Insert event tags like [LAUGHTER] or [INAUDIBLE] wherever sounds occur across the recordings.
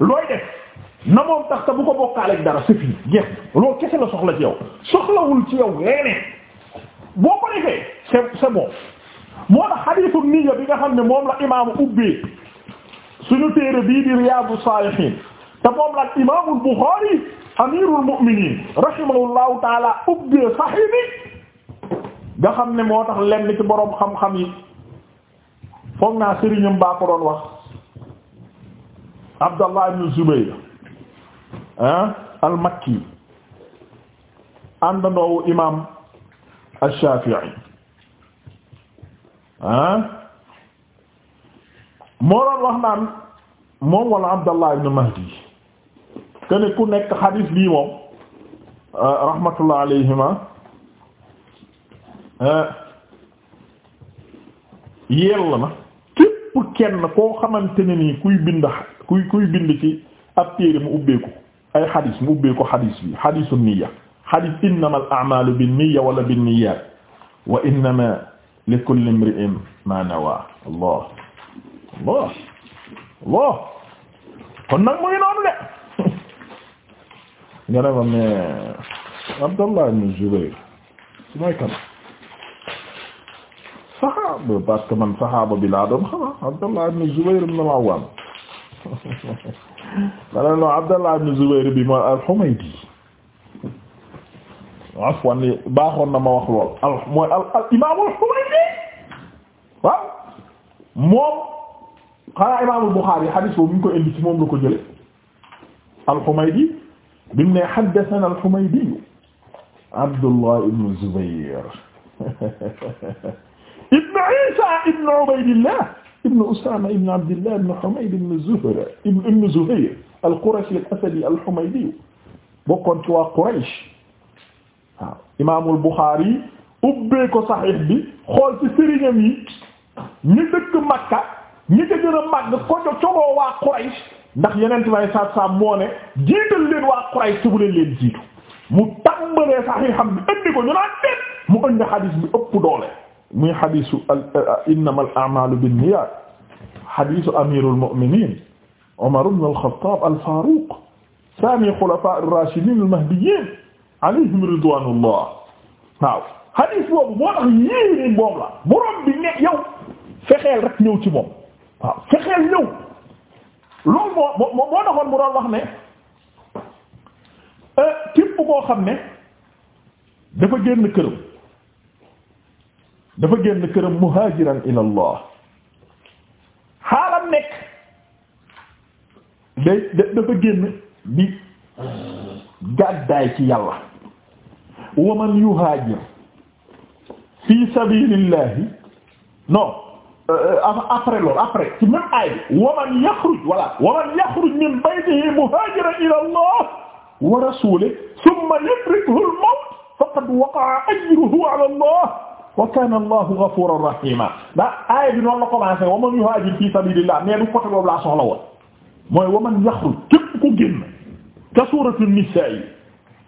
looy def na moom tax te bu ko bokkaaleeg dara c'est fini jeex loolu kese la soxla ci yow soxlawul ci yow leneen boo ko defee c'est c'est moo tax xadiisu niyya bi nga xam ne moom la imaamu ubbee suñu téere bii di Riyaadu Saalihiin te moom la imaamul Buxaari amiirul mu'miniin rahimahullahu taala ubbee Sahih nga xam ne moo tax lenn ci boroom xam-xam yi foog naa sëriñam baa ko doon wax. Abdallah ibn Zubayr ah al-Makki àndandoowu imaam ash-Shafi'i ah moo doon wax naan moom wala Abdallah ibn Mahdi kene ku nekk xadiis bii moom ah, rahmatullah alayhima ah, yell na kenn koo xamante ne nii kuy bind kuy kuy bind ci ab téere mu ubbeeku ay xadis mu ubbeeku xadis bi xadisu niya xadis innama al niya wala bin niyyat wa innama li kulli imri'in ma nawa allah allah kon nag mu ngi noonu de [LAUGHS] ma mais Abdallah ibn Zubayr su saxaaba parce que man saxaaba bi laa doon xama Abdallah ibn Zubayr ibn al-Awwam [LAUGHS] mane non Abdallah ibn Zubayr bi ma al-Humaydi afwan baaxoon na ma wax lool al mooy al imaam al-Humaydi waaw moom xanaa imaamul Buxaari xadiis boobu mu ngi ko indi ci moom la ko jële al-Humaydi bi mu ne haddathana al-Humaydi Abdullah ibn Zubayr [LAUGHS] ibn Isa ibn Ubaydillah ibn Usama ibn Abdillah ibn Humayd ibn Zuhra ibn Zuhayr al-Qurashi al-Asadi al-Humaydi bokkoon ci waa Quraysh waaw imaamul Bukhari ubbee ko Sahih bi xool ci sëriñam yi ñi dëkk Makka ñi ca gën a màgg ko cogoo waa Quraysh ndax yeneen tubaab yi saa saa moo ne jiital leen waa Quraysh te bu leen leen jiitu mu tàmbalee Sahiham bi indi ko ñu naan déet mu indi hadith bi ëpp doole. muy xadisu innama al eh, a'malu binniyat xadisu amirul mu'minin Umar ibn al-Khattab al-Faruq sani xulafa ar-rashidin al-mahdiyyin alayhim ridwanullah waaw xadis boobu moo tax yéeni boobu la borom bi ne yow fexeel rek ñëw ci moom waaw fexeel ñëw loolu moo moo moo taxoon mu doon wax ne eh, képp koo xam ne dafa génn këram dafa génn këram muhaajiran ila Allah xaalam nekk day dafa génn bi gàddaay ci yàlla wa man yuhaajir fi sabilillahi non euh, euh, après loolu après ci même aay bi wa man yaxruj voilà wa man yaxruj min baytihi muhaajiran ila Allah wa rasulihi thumma yudrikhu al-mawt faqad waqa'a ajruhu ala Allah wa kana allahu ghafuran rahima ndax aaya bi noonu la commencé wa man yuhaajir fi sabilillah mais du côté boobu laa soxla woon mooy wa man yaxruj képp ku génn ca suuratul nisaa yi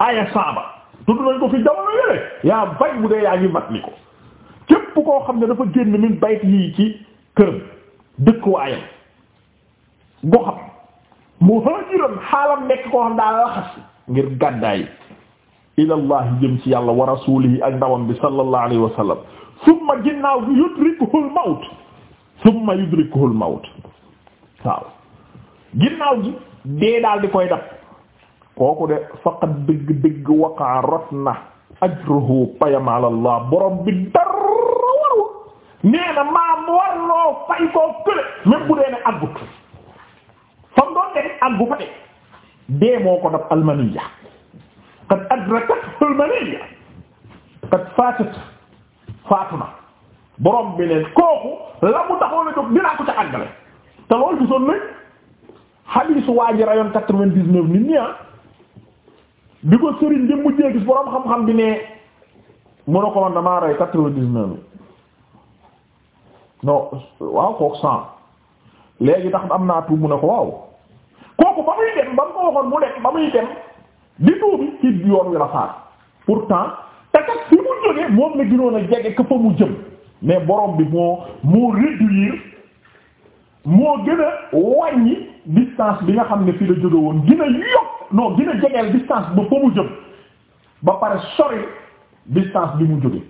aaya saaba tudd nañ ko fi jamono yële yaa bay bu dee yaa ngi mat ni ko képp koo xam ne dafa génn min bayt yi ci këram dëkkuwaayam goxam muhaajiran xaalam nekk koo xam daa laxas ngir gàddaay ilallahi jëm ci yàlla wa rasulihi ak ndawam bi sallallahu alayhi wa sallam summa ginnaaw bi yudrikuhul mawt summa yudrikuhul mawt waaw ginnaaw gi dee daal di koy dab kooku de faqat dëgg dëgg waqaa rot na ajruhu payam ala allah borom bi dara waru nee na maam war noo fay koo kële même bu dee ne àggut fam doon dee àggu fa de dee moo ko dab almaniya qad adrakathu al-maniyya qad faatat na borom bi ne kooku la mu taxoon a jóg dinaa ko ca àggale te loolu gisoon nañ hadiisu waa ji rayoon quatre-vingt-dix-neuf nit ñi ah bi ko sëriñ bi mujjee gis borom xam-xam bi ne mu ne ko man damaa rey quatre-vingt-dix-neuf yi non waaw kooku am naa ba muy dem ba mu ko waxoon mu ne ba muy dem. di tuubi ci yoon wi la faat pourtant te kat fi mu jógee moom la gënoon a jege ka fa jëm mais borom bi moo moo réduire moo gën a wàññi distance bi nga xam ne fi la jóge woon gën a yokk non gën a jegeel distance ba fa mu jëm ba pare sori distance bi mu jóge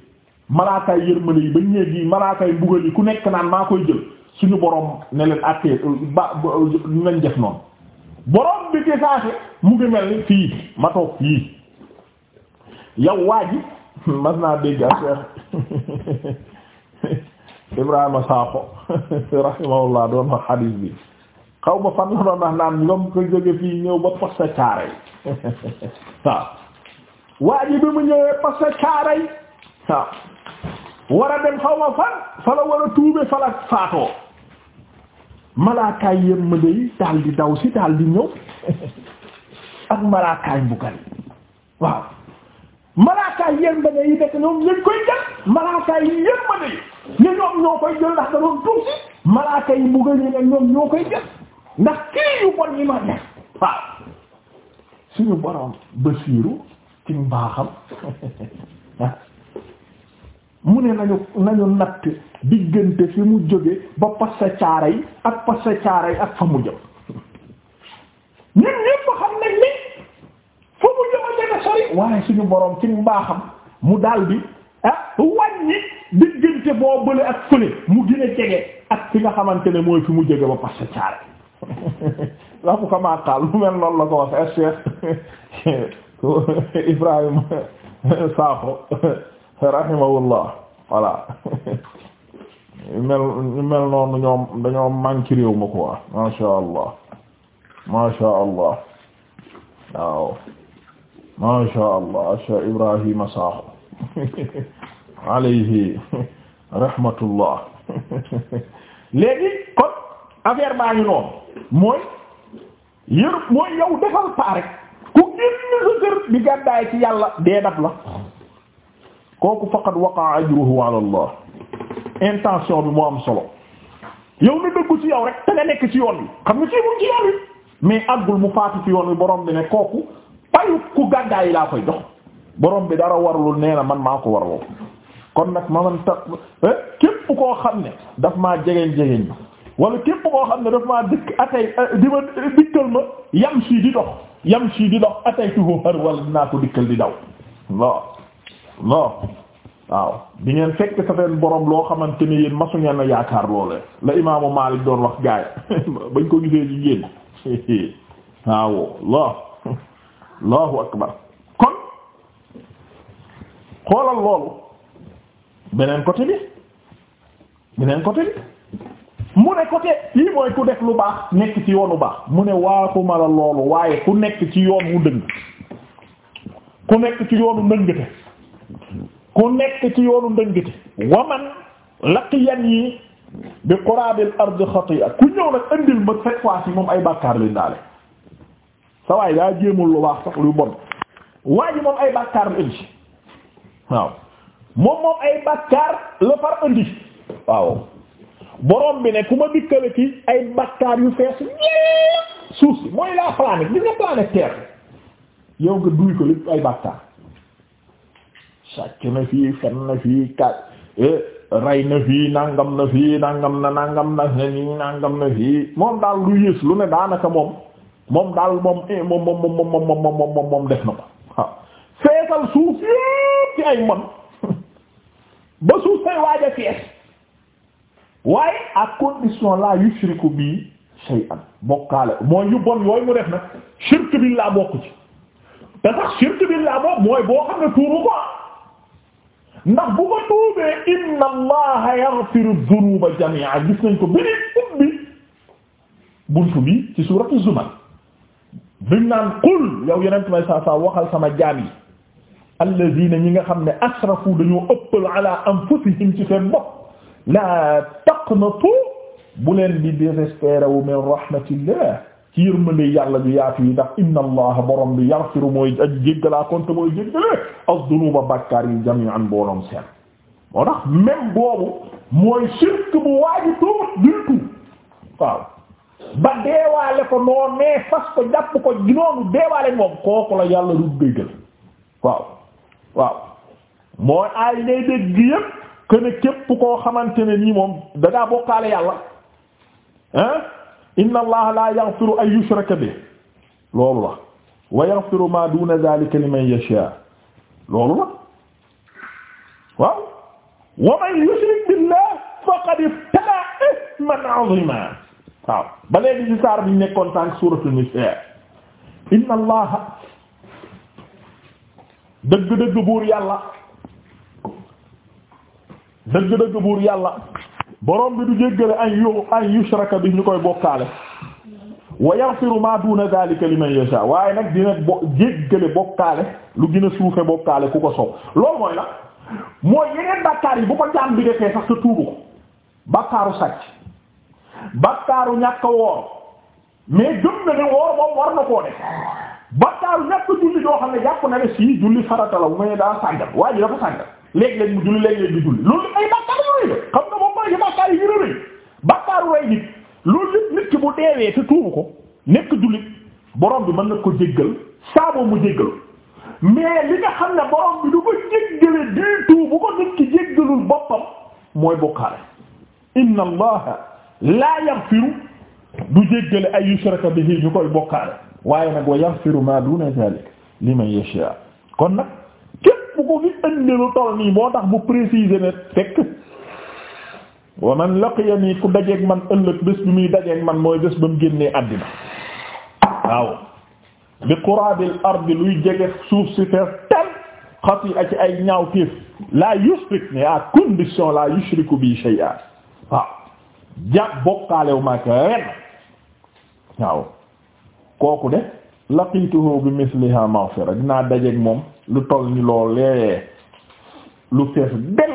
malaakaay yërmande yi ba ñeeg yi malaakaay mbugal yi ku nekk naan maa koy jël suñu borom ne leen àttee ba nañ def noonu borom bi ci saase mu ngi mel ni fii ma toog fii yow waa ji [LAUGHS] mas naa dégg ak Cheikh [LAUGHS] Ibrahima Sakho [LAUGHS] rahimahullah doon wax xadiis bi xaw ma fan la doon wax naan ko jóge fii ñëw ba poste caaray waaw waa ji bi mu ñëwee poste caaray waaw war a dem xaw ma fan fa la war a tuube fa la faatoo malaakaay yem ma day daal di daw si daal di ñëw ak malaakaay mbugal waaw malaakaay yem ma day nekk ñoom lañ koy jël malaakaay yem ma day ne ñoom ñoo koy jël ndax da doon si malaakaay mbugal yi ne ñoom ñoo koy jël ndax kii yu bon yi ma def waaw suñu borom basiiru ci mbaaxam [LAUGHS] mu ne nañu nañu natt diggante fi mu jóge ba pasta caara yi ak pasta caara yi ak fa mu jëm ñun ñépp xam nañ ni fa mu jëm a jege sori waaye suñu boroom ci mbaaxam mu daldi ah wàññi diggante boo bële ak fële mu gën jege ak fi nga xamante ne mooy fi mu jóge ba pasta caara [LAUGHS] la ko kamaataal lu mel loolu la ko wax Cheikh [LAUGHS] Ibrahima Sakho [LAUGHS] rahimahullah voilà mel mel noonu ñoom dañoo manqué réew ma quoi ma sha ma sha allah ma sha allah Cheikh Ibrahima Sakho [LAUGHS] alayhi rahmatullah [LAUGHS] léegi kon affaire baa ngi noonu mooy yër mooy yow defal paa ku génn sa kër bi gàddaay ci yàlla dee dab kooku faqad waqaa ajruhu ala Allah intention bi mu am solo yow na dëggu ci yow rek te nga nekk ci yoon wi xam nga ci mun ci yoon mais àggul mu faatu ci yoon wi borom bi ne kooku payu ku gàddaa yi laa koy dox borom bi dara warlul nee na man maa ko warloo kon nag ma man ta eh, képp koo xam ne daf ma jegeñ jegeñ bi wala képp koo xam ne daf maa dikk atay eh, ma dikkal ma yam si di dox yam si di dox atay tuho har wala dinaa ko dikkal di daw non waaw di ngeen fekk sa feen borom loo xamante ni yéen masu ngeen a yaakaar loolee la imaamu Maalik doon wax gaay [LAUGHS] bañ ko gisee ci génn [LAUGHS] waaw Allah [LAUGHS] Allahu akbar kon xoolal loolu beneen côté bi beneen côté bi mu ne côté lii mooy ku def lu baax nekk ci yoonu baax mu ne waatuma la loolu waaye ku nekk ci yoon mu dëng ku nekk ci yoonu ndëngte ku nekk ci yoonu ndëngati lakk laqiyan yi bi qurabil ard xati'a ku ñëw nag andil ma cette fois ci moom ay bàkkaar li daale sa waay daa jéemul lu baax sax lu bon waa moom ay bàkkaar la indi waaw moom moom ay bàkkaar la far indi waaw borom bi ne ku ma dikkale ci ay bàkkaar yu fees suuf si mooy la planète bi nga planète terre yow nga duy ko lépp ay bàkkaar sàcc na fii fen na fii ka eh, rey na fii nangam na fii nangam na eh, nangam na fii moom daal lu yées lu ne daanaka moom moom daal moom eh, moom moom def na ko feesal suuf yépp ci ay mon [LAUGHS] ba suuf say waaj a fees waaye à condition la yushriku bi shay'an bokkaale mooy yu bon yooyu mu def nag shirk billah bokk ci te sax shirk billah bokk mooy boo xam ne tuuru ko ndax bu ko tuubee inna allaha yaghfiru dhunuba jami'a gis nañ ko beneen ubbi buntu bi ci suuratu zumar biñ naan qul yow yeneen may saa saa waxal sama jaam yi alladhina ñi nga xam ne asrafu dañoo ëppal ala anfusihim ci seen bopp la taqnatu bu leen di désespérer wu min rahmatillah ci yërmande yàlla ju yaatu yi ndax inna allaha borom bi yaghfiru mooy aji jéggalaa konte mooy jéggale az-dunuba bàkkaar yi jami'an boolom seen moo tax même boobu mooy shirk bu waaji tuut du waaw ba deewaale ko noo nee fas ko jàpp ko ginoonu deewaale moom kooku la yàlla du déggal waaw waaw mooy aay ngay dégg yépp que ne képp koo xamante ne nii moom dangaa bokkaale yàlla ah inna allaha la yaghfiru an yushraka bi loolu la wa yaghfiru ma duna dhalika liman yasha loolu la waaw wa man yushrik billah faqad iftara ithman azima waaw ba léegi ci saar bi nekkoon tànk suratul nisa inna allaha dëgg-dëgg buur yàlla dëgg-dëgg buur yàlla borom bi du jéggale an yu an yushraka bi ñu koy bokkaale wa yaghfiru ma duna dhalika liman yasha waaye nag dina bo jéggale bokkaale lu gën a suufe bokkaale ku ko soow loolu mooy la mooy yeneen bàkkaar yi bu ko jaam bi defee sax te tuubu ko bàkkaaru sàcc bàkkaaru ñàkk woor mais gëm na ne woor moom war na koo def bàkkaaru ñàkk julli doo xam ne jàpp na ne sii julli farata la daa sàngal waa ji dafa sàngal léeg-léeg mu julli léeg-léeg du julli loolu ay bàkkaar yooyu la xam nga moom mooy ci bàkkaar yi gën a rëy bàkkaaru bu deewee te tuubu ko nekk jullit borom bi mën na ko mu jéggal mais li nga xam ne borom du ko jéggale du tuub ko nit ki jéggalul boppam mooy bokkaale inna allaha laa yaghfiru du jéggale ay yushraka bihi ñu koy bokkaale waaye nag wa yaghfiru ma duna zalika liman yasha kon ko fi indi lu toll nii moo tax bu préciser ne fekk wa man laqiyani ku dajeeg man ëllëg bés bi muy dajeeg man mooy bés ba mu génnee àddina waaw bi qurabil ardi luy jege suuf si fees tel xati'a ci ay ñaaw téef la yushrik ne à condition la yushriku bi shay'a waaw jàpp bokkaalewu maak ren waaw kooku de laqituhu bi misliha maghfira dinaa dajeeg moom lu toll ni loolee lu fees del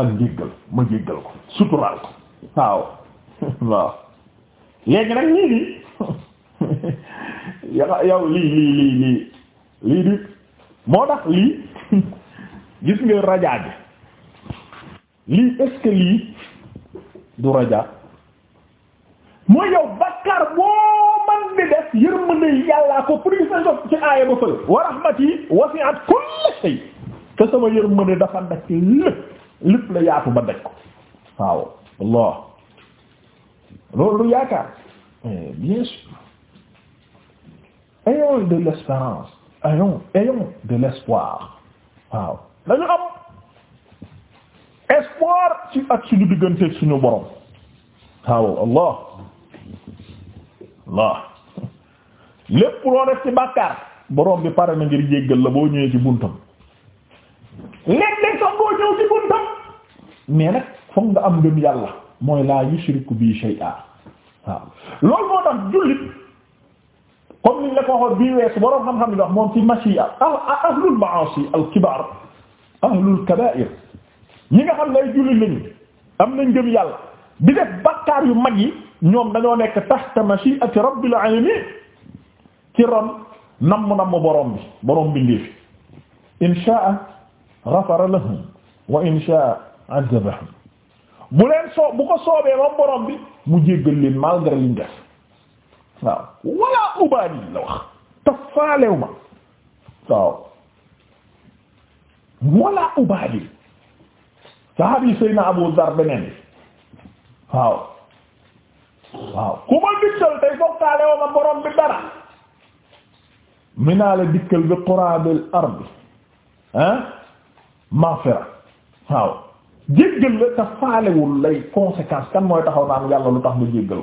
ak jéggal ma jéggal ko suturaal ko waaw [LAUGHS] waaw léegi nag lii [LAUGHS] yow lii lii lii lii di moo tax lii [LAUGHS] gis nga rajaa bi lii est lii du rajaa mooy yow bakkar boo yërmande yàllaa ko prise na jox ci aaya ba fële wa rahmati wasi'at kull shay te sama dafa daj lépp lépp la yaatu ba daj ko waaw Allah loolu lu yaakaar eh, bien sûr ayons de l'espérance ayons ayons de l'espoir waaw dañu am espoir ci ak suñu digganteeg suñu borom waaw Allah Allah lépp loo def ci bàkkaar boroom bi pare na ngir jéggal la boo ñëwee ci buntam léeg-léeg boo ñëw ci buntam mais nag foog nga am ngëm yàlla mooy laa yushriku bi shay'a waaw loolu moo tax jullit la ko waxoon bii xam-xam ni wax moom ci mashi'a ah, ah, ahlul ma'asi al kibar ahlul kaba'ir ñi nga xam ne ay jullit lañu am nañ ngëm yàlla di def bàkkaar yu mag yi ñoom dañoo nekk tahta mashi'ati rabbil alamin ci ron namm namm borom bi borom bi ngi fi in sha'a ghafara lahum wa in sha'a azabahum bu leen soo bu ko soobee moom borom bi mu jéggal leen malgré liñ def waaw wala ubaali la wax tafaalew ma waaw wala ubaali sahabi sayna Abu Dar beneen waaw waaw ku ma gisal tey fokkaale wa ma borom bi dara mi naa la dikkal bi qurabil ardi ah maghfira waaw jéggal la te faalewul lay conséquence kan mooy taxaw naan yàlla lu tax mu jéggal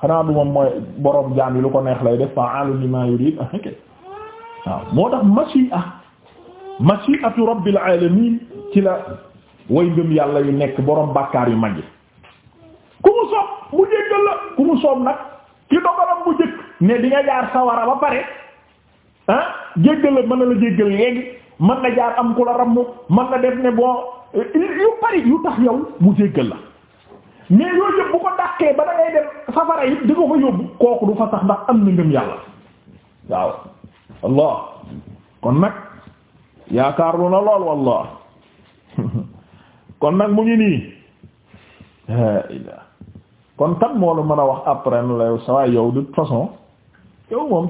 xanaa du moom mooy borom jaam yi lu neex lay def fa'alu lima yurid ok waaw moo tax mashi'a mashi'atu rabbil alamin ci la way ngëm yàlla yu nekk borom bàkkaar yu mag yi ku mu soob mu jéggal la ku mu soob nag ki dogalam mu jëkk ne di nga jaar sawara ba pare ah jéggala mën na la jéggal léegi mën na jaar am ku la ramm mën na def ne bon yu bari yu tax yow mu jéggal la mais yooyu yëpp bu ko dàqee ba da dem safara yi di ko fa yóbbu kooku du fa sax ndax am na ngëm yàlla waaw allah kon nag yaakaar lu na lool wallah [LAUGHS] kon nag mu ngi nii kon kan moo la mën a wax après nu la yow sawaay yow de toute façon yow moom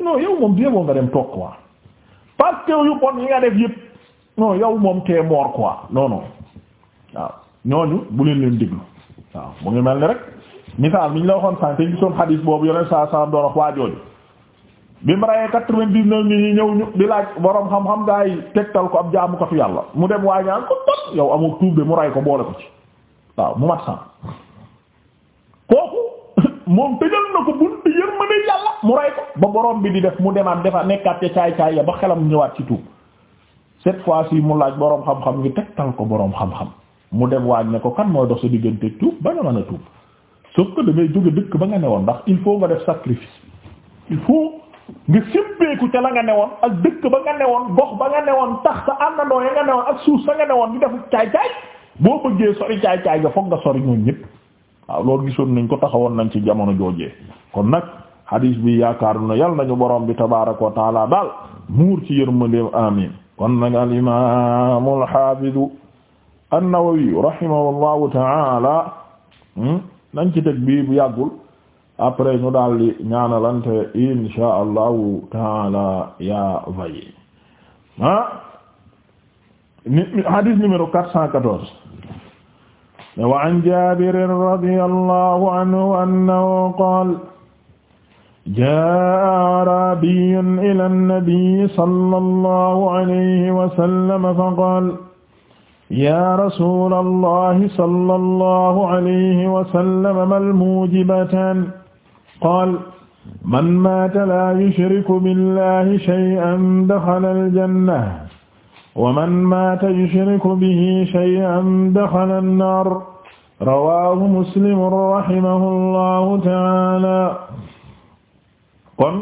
non yow moom bie boo nga dem toog quoi parce yu bon yi nga def yëpp non yow moom tee moor quoi non non waaw ñooñu bu leen leen déglu waaw mu ngi mel ni rek misaal mi ñu la waxoon sànq te gisoon xadiis boobu yoneen saa saa doon wax waa jooju bi mu rayee quatre-vingt-dix-neuf nit ñi ñëw ñu di laaj borom xam-xam gaa yi tegtal ko ab jaamukatu yàlla mu dem waa ñaan ko tot yow amul tuub de mu ray ko boole ko ci waaw mu mat san moom tëjal na ko bunt yërmande yàlla mu rey ko ba borom bi di def mu demaat defaa nekkaat ca caay caay ya ba xelam ñëwaat ci tuub cette fois ci mu laaj boroom xam-xam ngi tegtal ko boroom xam-xam mu dem waaj ne ko kan mooy dox sa diggante tuub ba nga mën a da ngay jóge dëkk ba nga newoon ndax il faut nga def sacrifice il faut nga sébbeeku ca la nga newoon ak dëkk ba nga woon gox ba nga newoon tax sa àndandoo ya nga newoon ak suuf sa nga woon di defu caay caay boo bëggee sori caay caay nga foog nga sori ñoom ñëpp waaw loolu gisoon nañ ko taxawoon nañ ci jamono joojee kon nag hadis bi yaakaar na yal nañu borom bi tabaaraka wa taala daal muur ci yërmandeem amin kon nag al imam al haafid an-Nawawi rahimahullahu taala hmm, nañ ci teg bii bu yàggul après ñu daal di ñaanalante insha allahu taala yaa vaye ah hadis numéro 414 wa an jaabirin radiyallahu anhu annahu qaala jaa'a a'raabiyyun ilaa nabiyyi sallallahu alayhi wa sallam faqaala yaa rasuulallahi sallallahu alayhi wa sallam mal muujibataan qaala man maata laa yushriku billahi shay'an daxala al-jannah wa man maata yushriku bihi shay'an daxala an-naar rawaahu muslim rahimahullahu ta'aala kon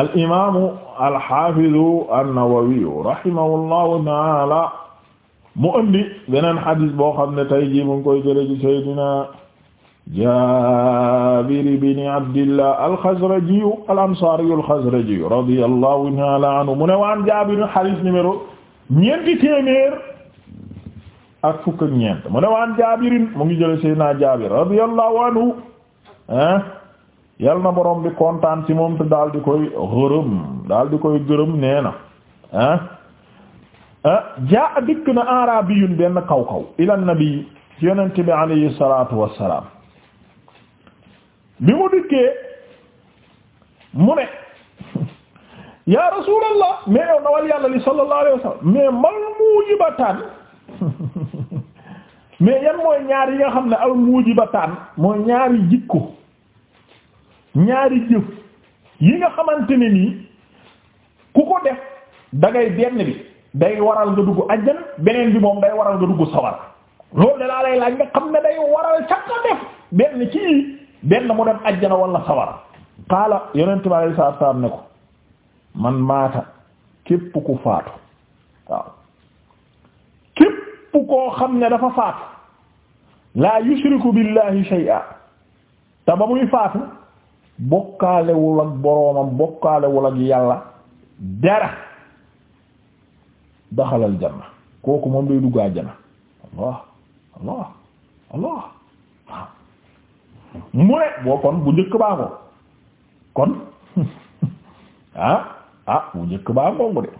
al imaamu al xaafidu an-Nawawi rahimahullahu ta'aala mu indi beneen xadis boo xam ne tey jii mu ngi koy jëlee ci Seydina Jaabir ibn Abdillah al-Xazraji al-Ansaari al-Xazraji radiyallahu ta'ala anhu mu ne waan Jaabir hadiis numéro ñeenti téeméer ak fukk ak ñeent mu ne waan Jaabir mu ngi jëlee Seydina Jaabir radiyallahu anhu ah yal na borom bi kontaan ci moom te daal di koy gërëm daal di koy gërëm nee na ah ah jaa dikk na arabiyun benn kaw kaw ila nabi ci yonent bi alayhi salaatu wa salaam bi mu dikkee mu ne yaa rasulallah mais yow nawal yàlla li sallallahu alayhi wa mal mujibataan [LAUGHS] mais yan mooy ñaar yi nga xam ne al mujibataan mooy ñaari jikko ñaari jëf yi nga xamante ne nii ku ko def da benn bi day waral nga dugg ajjana beneen bi moom day waral nga dugg sawar loolu da laa lay laaj nga xam ne day waral ca nga def benn ci benn mu dem ajjana wala sawara qaala yonent bi alayhi salaam ne ko man maata képp ku faatu waaw képp koo xam ne dafa faatu laa yushriku billahi shay'a te ba muy faatu bokkaalewul ak boroomam bokkaalewul ak yàlla dara daxalal janna kooku moom day dugg àjjana allah allah allah mu ne boo kon bu njëkk baa ngoog kon [LAUGHS] ah ah bu njëkk baa ngoog de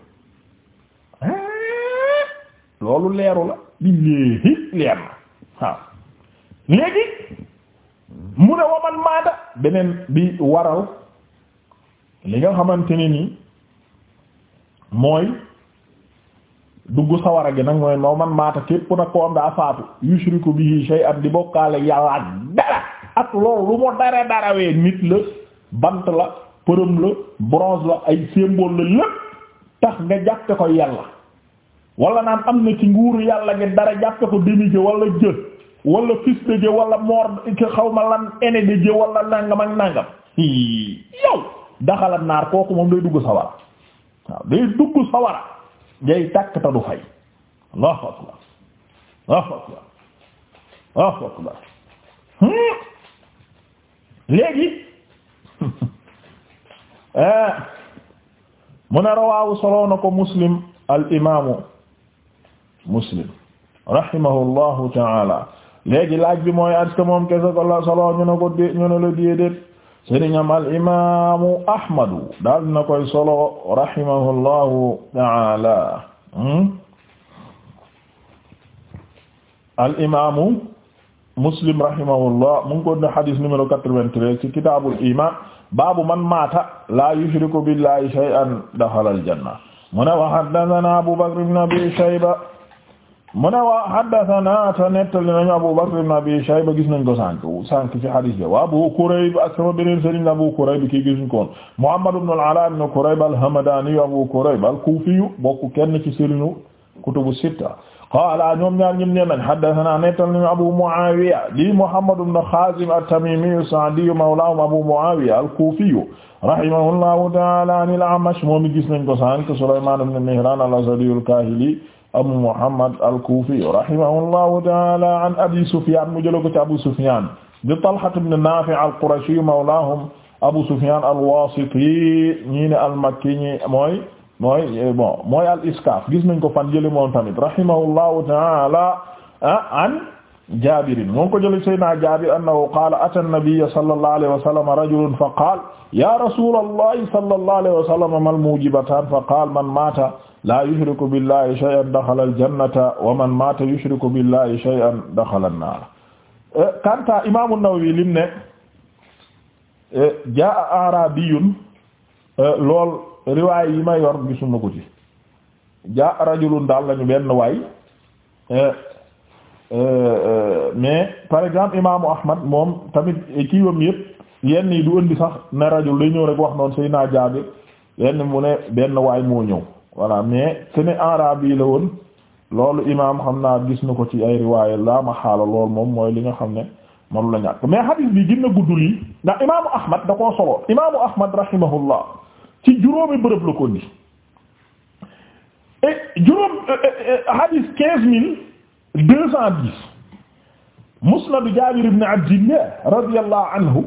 eh, loolu leeru la li léegi leer na waaw léegi mu ne waman maata beneen bi waral li nga xamante ni nii mooy dugg sawara gi nag mooy noo man maata képp nag ko am daa faatu yushriku bihi shay'an di bokkaale yàlla dara ak loolu lu mu dara darawee nit la bant la përëm la bronze la ay symbole la lépp tax nga jàppe ko yàlla wala naan am na ci nguuru yàlla nga dara jàppe ko demi jë wala jë wala fils de jë wala mor ki xaw lan aîné de jë nàngam ak nàngam yow daxala naar kooku moom day dugg sawara waaw day dugg sawara ngay tàkk ta du fay hmm? léegi [LAUGHS] eh, mu ne rawaawu soloo ko muslim al imaamu muslim rahimahullahu taala léegi laaj bi mooy est-ce moom kese ko la soloo ñu ne ko dé ñu ne la déedéet sëriñam al imaamu ahmadu daal na koy solo rahimahullahu taala hmm? al imaamu muslim rahimahullah mu ngi ko ne xadis numéro 93 ci kitaabul iman baabu man maata la yushriku billahi shay'an daxala aljanna mu ne wa haddathana abu bakr ibn abi shayba mu ne wa haddathana ta nettali nañu abu bakr ibn abi shayba gis nañ ko sànq sànq ci xadis bi wa abu kurayb ak sama beneen sëriñ abu kurayb kii gisuñ koon muhammad ibn al-ala ibn kurayb al-hamadani abu kurayb al-kufi bokk kenn ci sëriñu kutubu sitta qaala ñoom ñaar ñim ñen nañ haddathana nettal nañu Abu Muawiya li Muhammad ibn Khazim at-Tamimi as-Sa'di mawlahum Abu Muawiya al-Kufi rahimahullahu ta'ala an al-A'mash moom mi gis nañ ko sànq Sulayman ibn Mihran al-Asadi al-Kahili Abu Muhammad al-Kufi rahimahullahu ta'ala an Abi Sufyan mu jël ko ci Abu Sufyan di Talha ibn Nafi' al-Qurashi mawlahum Abu Sufyan al-Wasiti ñi ne al-Makki ñi mooy mooy euh, bon mooy al iskaaf gis nañ ko fan jële moom tamit rahimahullahu taala ah, an jabirin moom ko jële sayyidina jabir annahu qaala ata an-nabiyya sallallahu alayhi fa qaala ya rasulallahi sallallahu alayhi wa sallam mal mujibatan fa qaala man mata la yushriku billahi shay'an dakhala al-jannata wa man mata yushriku billahi shay'an dakhala an eh, kanta imam an-Nawawi eh, jaa arabiyun eh, lool riwaay yi ma yor gisuma ko ci ja rajulun daal lañu benn waay eh, eh, mais par exemple imaamu Ahmad moom tamit kiiwam yëpp yenn yi du indi sax ne rajul day ñëw rek wax noonu say naa jaabi yenn mu ne benn waay moo ñëw voilà mais te ne arab la woon loolu imaam xam naa gis na ko ci ay riwaaya la ma xaala lool moom mooy li nga xam ne manu la ñàkk mais hadith bi gën a guddul yi ndax imaamu Ahmad da koo solo imaamu Ahmad rahimahullah ci juróomi bërëb la ko indi et juróom euh, euh, euh, hadis quinze mille deux cent dix musnad Jaabir ibn Abdillah radiyallahu anhu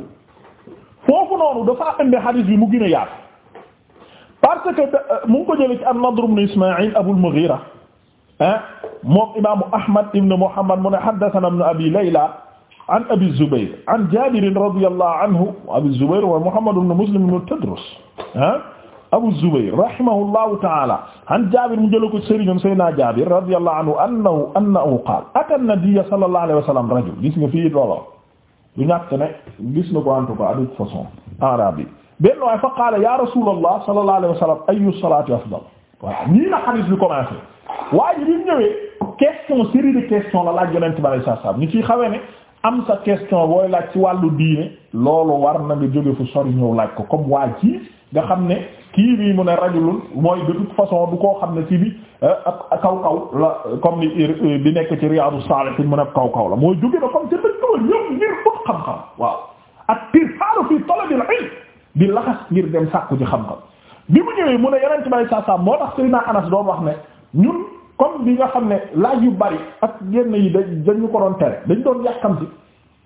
foofu noonu dafa indi hadis bi mu gën a yaatu mu ngi ko jëlee ci an-Nadr ibn Ismaïl Abul Mughira ah moom imaamu Ahmad ibn Muhammad mu ne haddathana ibn Abi Layla an Abi Zubayr an Jaabir radiyallahu anhu Abi Zubayr wa Muhammad ibn Muslim ibn Tadrus ah Abu Zubayr rahimahullahu ta'ala an Jaabir mu jëla ko sëriñam Seydina Jaabir radiyallahu anhu annahu annahu qaala ata an-nabiyya sallallahu alayhi wa sallam rajul gis nga fii looloo du ne gis na ko en tout cas de toute façon arab yi benn waay fa qaala ya rasulallah sallallahu alayhi wa sallam ayyu salaati afdal voilà nii question série la laaj yonent bi sallallahu alayhi wa am sa question booy laaj ci wàllu diine loolu war na nga jóge fu sori ko comme waa nga xam ne kii bii mu ne rajulun mooy de toute façon du koo xam ne ci bi eh, ak kaw kaw la comme ni bi eh, eh, nekk ci Riyadou Salihine mu ne kaw kaw la mooy jóge na comme te dëgg ñoom xam-xam waaw ak tirhalu fi talabil ilm di laxas ngir dem sàkku ci xam-xam bi mu ñëwee mu ne yeneen ci bari saa saa moo tax Seydina Anas doon wax ne ñun comme bi nga xam ne laaj yu bari ak yenn yi dañ dañu ko doon tere dañ doon yàkkamti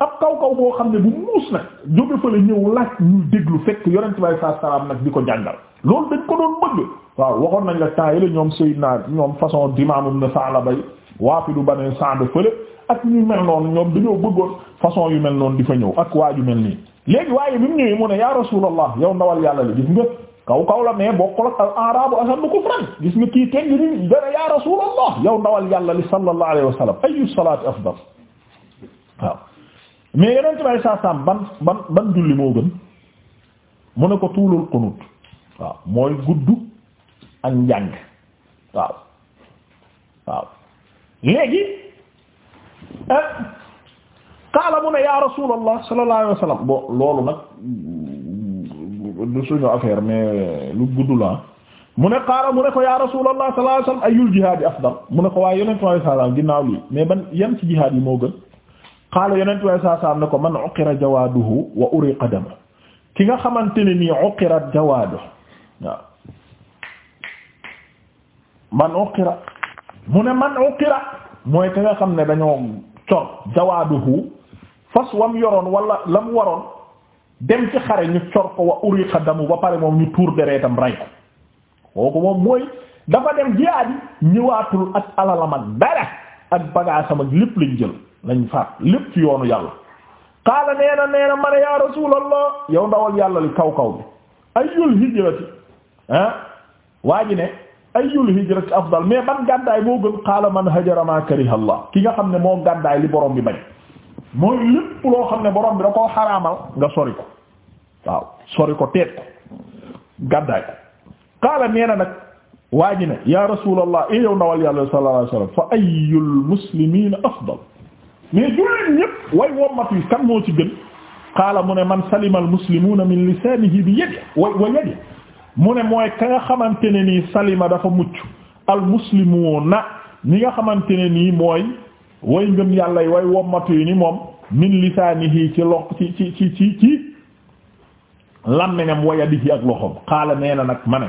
ab kaw kaw boo xam ne bu muus nag jóge fa la ñëw laaj ñu déglu fekk yonent bay saa salaam nag di ko jàngal loolu dañ ko doon bëgg waaw waxoon nañ la temps yi la ñoom Seydina ñoom façon dimaamum na saala bay waafidu bane sand fële ak ñu mel noonu ñoom dañoo bëggoon façon yu mel noonu di fa ñëw ak waa ju mel nii léegi waaye bi mu ñëwee mu ne ya rasulallah yow ndawal yàlla li gis nga kaw kaw la mais bokkul ak arabu asannu kufran gis nga kii tegg ni yow ndawal yàlla li sallallahu alayhi wa sallam mais yeneen tubaab saa saam ban ban ban julli moo gën mu ne ko tuulul qunut waaw mooy gudd ak njàng waaw waaw léegi eh, qaala mu ne yaa rasuulallah sallallahu alayhi wa sallam loolu nag du suñu affaire mais lu gudd laa mu ne qaala mu ne ko yaa rasuulallah sallallahu alayhi wa ayul jihaadi afdal mu ne ko waaye yeneen tubaab saa saam ginnaaw lii mais ban yen ci jihaad yi moo gën. xaala yonent waaye saa saam ne ko man uqira jawaaduhu wa uriqa damu ki nga xamante ne nii uqira jawaadu waaw man uqira mu ne man uqira mooy ki nga xam ne dañoo cor jawaaduhu fas wam yoroon wala la mu waroon dem ci xare ñu cor ko wa uriqa damu ba pare moom ñu tuur dereetam rey ko kooku moom mooy dafa dem jihaad ñëwaatul ak alalam dara ak bagaasam ak lépp lañ jël lañ faat lépp ci yoonu yàlla qaala nee na nee na man yow ndawal yàlla li kaw kaw bi ayyul hijrati ah waa ji ne ayyul hijrati afdal mais ban gàddaay moo gën qaala man hajara ma kariha allah ki nga xam ne moo gàddaay li borom bi bañ mooy loo xam ne borom bi da koo xaraamal nga sori ko waaw sori ko teet ko gàddaay ko qaala nee na nag waa ji ne ya rasulallah e eh yow ndawal yàlla sallallahu alayhi mais jullit ñëpp way wommat yi kan moo ci gën qaala mu ne man salima al muslimuuna min lisaanihi bi yadi wa wa yadi mu ne mooy ka nga xamante ne nii salima dafa mucc al muslimuuna ñi nga xamante ne nii mooy way ngëm yàlla yi way wommatu yi ni moom min lisaanihi ci lo ci ci ci ci ci làmmiñam wa yadihi ak loxom qaala nee na nag ma ne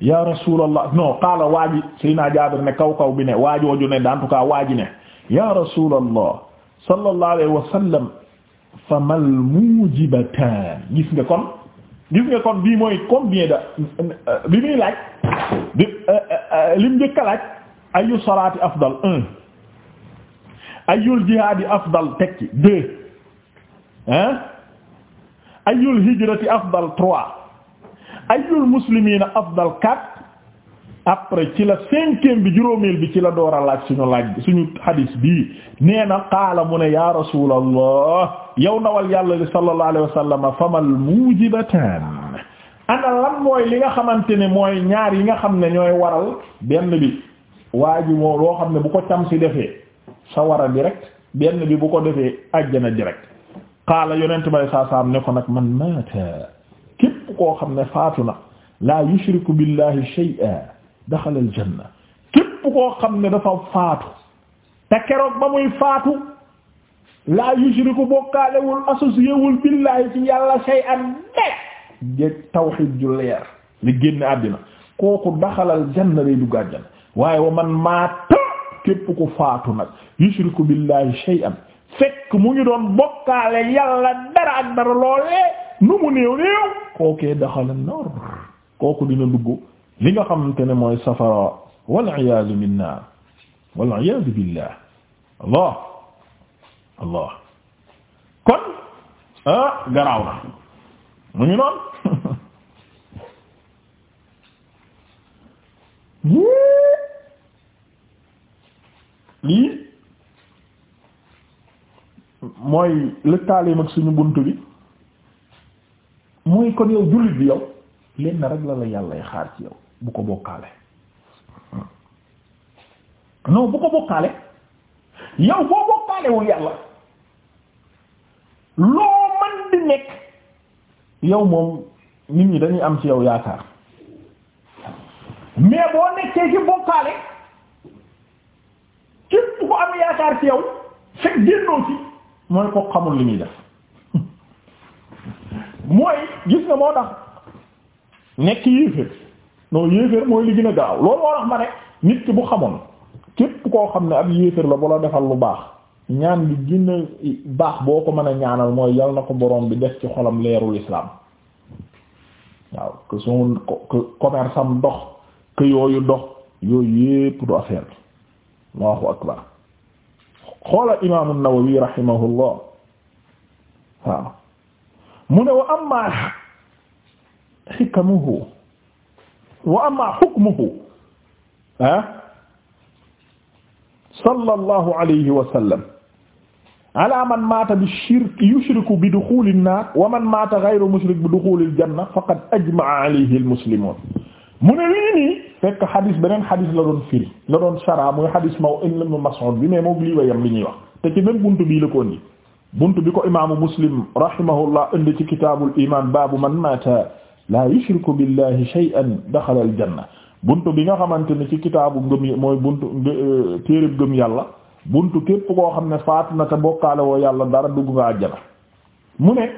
ya rasulallah non qaala waaji si naa jaabir ne kaw kaw bi ne waajooju ne en tout cas waaji ne ya rasulallah sallallahu alayhi wa sallam famal mujibatan gis nga kon gis nga kon bii mooy combien da bi muy laaj bi euh, euh, lim njëkk a laaj ayu salaati afdal un ayul jihaadi afdal tekki deux hein ayul hijrati afdal trois ayul muslimina afdal quatre après ci la cinquième bi juróomeel bi ci la door laaj suñu laaj suñu hadis bii nee na qaala mu ne ya rasulallah yow nawal yàlla li sallallahu alayhi wa sallam famal mujibatan ana mooy li nga xamante ne mooy ñaar yi nga xam ne ñooy waral benn bi waa ji moo xam ne bu ko cam si defee sawara direct benn bi bu ko defee ajjana direct qaala yonent bay saa saam ne ko nag man maata képp koo xam ne faatu na la yushriku billahi shay'a daxalal janna képp koo xam ne dafa faatu te keroog ba muy faatu laa yushriku bokkaalewul associé billaahi ci yàlla shay'an de tawxiid ju leer li génn àddina kooku daxalal janna lay dugg àjjana waaye wa man maata képp ku faatu nag yushriku billaahi shay'an fekk mu ngi doon bokkaale yàlla dara ak dara loolee nu mu néew néew kookee daxalal naar kooku dina dugg li nga xamante ne mooy safara waliyasu min naar waliyasu kon ah, garaaw na mu ngi noonu [LAUGHS] lii mooy lëkkaaleem ak suñu bunt bi mooy kon yow jullit bi yow lenn rek la la yàllay xaar ci yow bu ko bokkaale non bu ko bokkaale yow boo bokkaalewul yàlla loo man di nekk yow moom nit ñi dañuy am ci yow yaakaar mais boo nekkee ci bokkaale képp ko am yaakaar ci yow fekk génnoo ci mooy ko xamul li muy def [LAUGHS] mooy gis nga moo tax nekk yéeféer non yéeféer mooy li gën a gaaw loolu moo tax ma ne nit ki bu xamoon képp koo xam ne ak yéeféer la bu la defal lu baax ñaan bi gën a baax boo ko mën a ñaanal mooy yal na ko boroom bi def ci xolam leerul islam waaw que son commerce am dox que yooyu dox yooyu yépp du affaire bi allahu akbar xoola imaamu Nawawi rahimahullah waaw mu ne wa amma hikamuhu wa amma hukmuhu ah sallallahu alayhi wa sallam ala man maata bi shirk yushriku bi duxuli naar wa man maata ghayru mushrik bi duxuli janna faqad ajmaa alayhi almuslimuun mu ne lii nii fekk xadis beneen xadis la doon firi la doon shara muy xadis maw ibn Mas'ud bi mais moom lii wayam li ñuy wax te ci même buntu bii la ko indi buntu bi ko imaamu Muslim rahimahullah indi ci kitaabul imaan baabu man maata la yushriku billahi shay'an daxala al janna buntu bi nga xamante ne ci kitaabu ngëm mooy buntu euh, téereb ngëm yàlla bunt képp koo xam ne faatu na te bokkaale woo yàlla dara dugg nga àjjana mu ne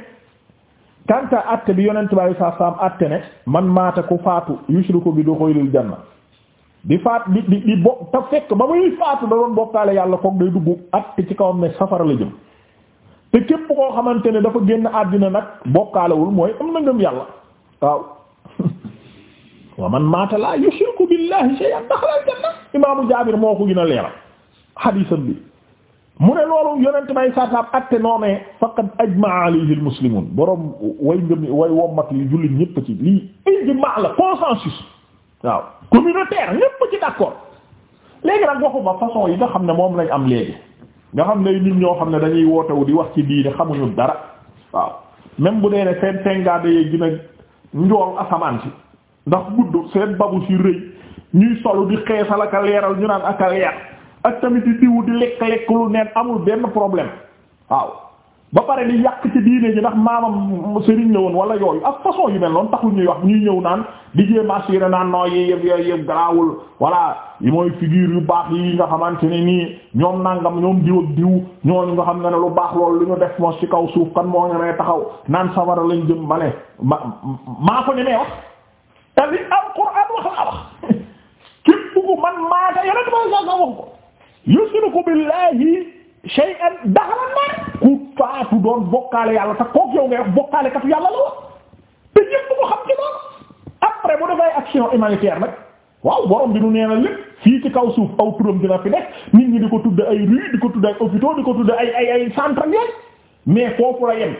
kanta atte bi yonent bàyyi saa saam atte ne man maata ku faatu yushriku bi dukhulil janna di faat di di di bo te fekk ba muy faatu da doon bokkaale yàlla koog day dugg atte ci kawam ne safara la jëm te képp koo xamante ne dafa génn àddina nag bokkaalewul mooy am yàlla waaw wa man maata la yushriku billahi shay'an dakhala janna imaamu Jaabir moo ko gën a leeral hadiisam bi mu ne loolu yonent may saasaam atte noonee faqad ajmaa alayhi almuslimun boroom way ngëm way wommat li jullit ñépp ci lii ijmaa la consensus waaw communautaire ñépp ci d'accord léegi nag waxuma façon yi nga xam ne moom lañ am léegi nga xam ne nit ñoo xam ne dañuy wootewu di wax ci diine xamuñu dara waaw même bu dee ne seen sengaade yee njool asamaan si ndax gudd seen babu si rëy ñuy solu di xeesal ak a leeral ñu naan ak a leer ak tamit di diwu di lekk lekk lu neen amul benn problème waaw ba pare li yàq ci diine ji ndax maamam sëriñ la woon wala yooyu ak façon yu mel noonu taxul ñuy wax ñuy ñëw naan di jéem assuré naan noo yëpp yooyu yëpp garaawul voilà yi mooy figure yu baax yi nga xamante ne nii ñoom nangam ñoom diw ak diw ñooñu nga xam nga ne lu baax loolu lu ñu def mos ci kaw suuf kan moo ñemee taxaw naan sawara lañu jëm ma ne ma maa ko ñemee wax te li alquran wax laa wax [LAUGHS] képp ku man maa ko yore damaa ko wax ko yusriku billahi shay'an daxala naar ku faatu doon bokkaale yàlla te kook yow nga wax bokkaale katu yàlla la wax te ñépp ko xam ci moom après bu defay action humanitaire nag waaw borom bi nu nee na lépp fii ci kaw suuf aw turam dina fi nekk nit ñi di ko tudd ay rue di ko tudd ay hôpitaux di ko tudd ay ay ay centre mais foofu la yem